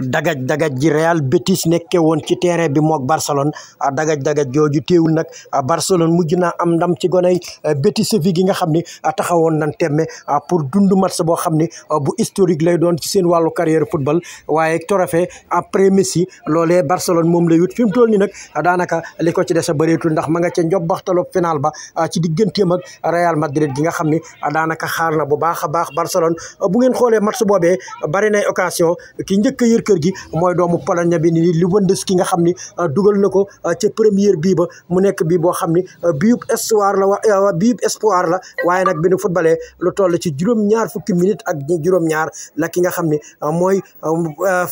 dagaj dagaj ji Real Betis nekkee woon ci terrain bi moog mook Barcelone ah, dagaj dagaj jooju teewul nag ah, Barcelone mujj naa am ndam ci goney ah, Betis Séville gi nga xam ni taxawoon nañ temme pour dund match boo xam ni bu historique lay doon ci seen wàllu carrière football waaye trophée après Messi loolee Barcelone moom lay wut fi mu toll nii nag daanaka li ci des a bëreetul ndax ma nga ca njob baxtaloog final ba ci digganteem ak Real Madrid gi nga xam ni daanaka xaar na bu baax a baax Barcelone bu ngeen xoolee match boobee bari nay occasion ki njëkk kër gi mooy doomu Pologne bi ni Lewandowski nga xam ni ah, dugal na ko ah, ca première bii ba mu nekk bii boo xam ni ah, biub espoir la wa biub espoir la waaye nag bi nu footballee lu toll ci juróom-ñaar fukki minutes a juróom-ñaar la ki nga xam ni mooy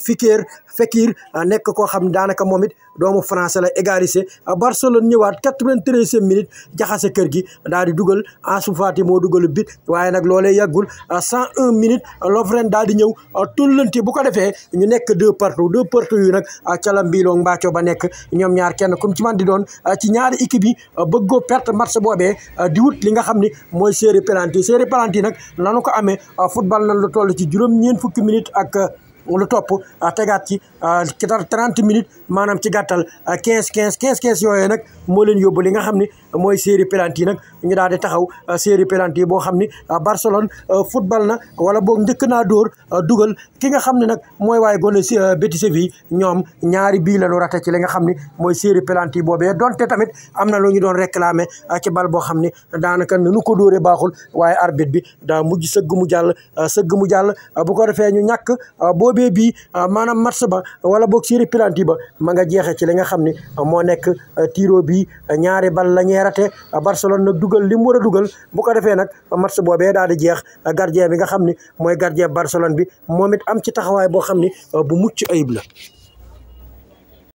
Fikir Fekir nekk koo xam daanaka moom it doomu français la égalisé Barcelone ñëwaat quatre-vingt-treizième minute jaxase kër gi daal di dugal Ansu Fati moo dugal bit waaye nag loolee yàggul cent un minutes Lovren daal nekk deux partout deux partout yu nag ah, ca la mbiiloo mbaacoo ba nekk ñoom ñaar kenn comme ci man di doon ah, ci ñaari équipe yi ah, bëggoo perte match boobee di wut li nga xam ni mooy série penalty série penalty nag nanu ko amee football na lu toll ci juróom ñeen fukki minutes lu topp ah, tegaat ci ah, ci tar trente minutes maanaam ci gàttal ah, quinze quinze quinze quinze yooyee nag moo leen yóbbu li nga xam ni mooy série penalty yi nag ñu daal di taxaw série penalty yi boo xam ni Barcelone football na wala boog njëkk naa dóor dugal ki nga xam ne nag mooy waaye gone Betis Séville ñoom ñaari bii la ñu rate ci li nga xam ni mooy série penalty yi boobee donte tamit am na lu ñu doon réclamer ci bal boo xam ni daanaka nu ko dooree baaxul waaye arbitre bi daa mujj sëgg mu jàll sëgg mu jàll bu ko defee boo boobee bii ah, maanaam match ba wala boog série penalty ba ma nga jeexee ci li nga xam ni moo nekk ah, tiro bi ah, ñaari bal la ñuy rate Barcelone nag dugal li mu war a dugal bu ko defee nag match boobee daal di jeex gardien bi ga xam ni mooy gardien Barcelone bi moom it am ci taxawaay boo xam ni bu mucc ayib la